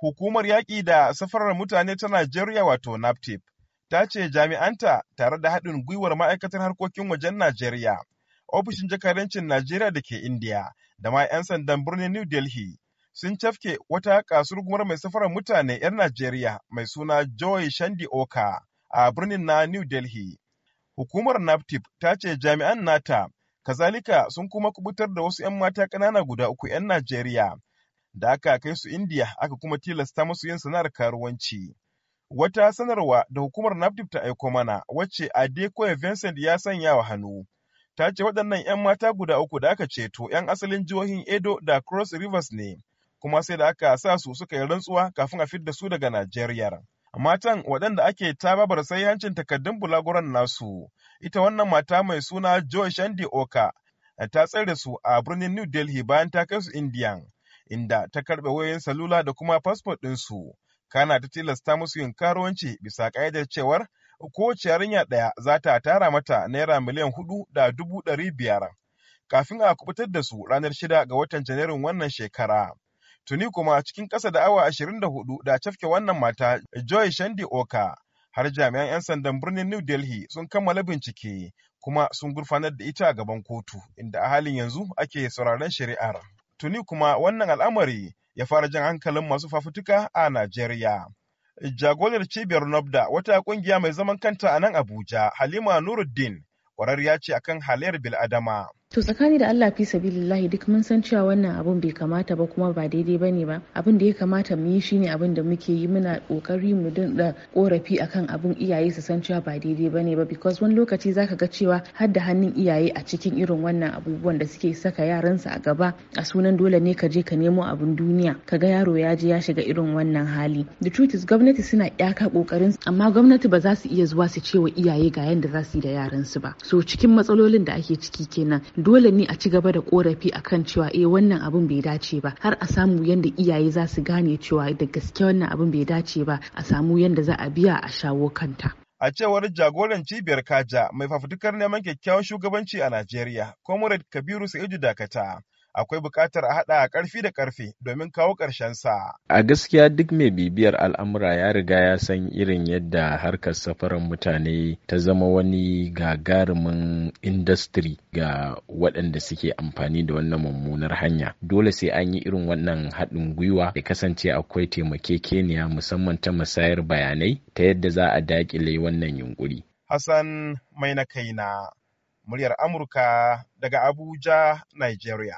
Hukumar yaƙi da safarar mutane ta Najeriya wato NAPTIP ta ce jami'anta tare da haɗin gwiwar ma'aikatar harkokin wajen Najeriya, ofishin jakadancin Najeriya da ke Indiya da ma 'yan sandan birnin New Delhi sun cafke wata kasurgumar mai safarar mutane 'yan Najeriya mai suna Joy Shandi Oka a birnin na New Delhi. Hukumar NAPTIP ta ce jami'an nata kazalika sun kuma kubutar da wasu 'yan mata ƙanana guda uku 'yan Najeriya da aka kai su Indiya aka kuma tilasta musu yin sana'ar karuwanci. Wata sanarwa da hukumar NAFDIP ta aiko mana wacce Adekoya Vincent ya sanya wa hannu. Ta ce waɗannan 'yan mata guda uku da aka ceto 'yan asalin jihohin Edo da Cross Rivers ne, kuma sai da aka sa su suka yi rantsuwa kafin a da su daga Najeriya. Matan waɗanda ake ta tababar sai hancin takardun bulaguran nasu, ita wannan mata mai suna Joy Shandi Oka ta tsare su a birnin New Delhi bayan ta kai su Indiyan. inda ta karɓe wayoyin salula da kuma fasfo ɗinsu. Kana ta tilasta musu yin karuwanci bisa ƙa'idar cewar kowace yarinya ɗaya za ta tara mata naira miliyan hudu da dubu ɗari biyar. Kafin a kubutar da su ranar shida ga watan Janairun wannan shekara. Tuni kuma cikin ƙasa da awa ashirin da hudu da cafke wannan mata Joy Shandi Oka har jami'an 'yan sandan birnin New Delhi sun kammala bincike kuma sun gurfanar da ita a gaban kotu inda a halin yanzu ake sauraron shari'ar. Tuni kuma wannan al'amari ya fara jan hankalin masu fafutuka a Najeriya. Jagorar cibiyar Nobda wata ƙungiya mai zaman kanta a nan Abuja, Halima Nuruddin, ƙwararriya ce akan halayyar bil'adama. to tsakani da Allah fi sabilillahi duk mun san cewa wannan abun bai kamata ba kuma ba daidai ba ne ba abin da ya kamata mu yi shine abin da muke yi muna kokari mu da korafi akan abun iyaye su san cewa ba daidai ba ne ba because wani lokaci zaka ga cewa har da hannun iyaye a cikin irin wannan abubuwan da suke saka yaransu a gaba a sunan dole ne ka je ka nemo abun duniya ka ga yaro ya je ya shiga irin wannan hali the truth is gwamnati suna yaka kokarin amma gwamnati ba za su iya zuwa su ce wa iyaye ga yanda za su yi da yaransu ba so cikin matsalolin da ake ciki kenan dole ne a ci gaba da korafi akan cewa eh wannan abun bai dace ba har a samu yadda iyaye za su gane cewa da gaske wannan abun bai dace ba a samu yanda za a biya a shawo kanta A cewar jagoran cibiyar Kaja mai fafutukar neman kyakkyawan shugabanci a Najeriya, Comrade Kabiru Sa'idu Dakata, akwai buƙatar a haɗa ƙarfi da ƙarfe domin kawo sa. A gaskiya duk mai bibiyar al'amura ya riga ya san irin yadda harkar safarar mutane ta zama wani gagarumin industry ga waɗanda suke amfani da wannan mummunar hanya. Dole sai an yi irin wannan haɗin gwiwa da kasance akwai taimakekeniya musamman ta musayar bayanai ta yadda za a daƙile wannan yunƙuri. Hassan mai na kaina, muryar Amurka daga Abuja, Nigeria.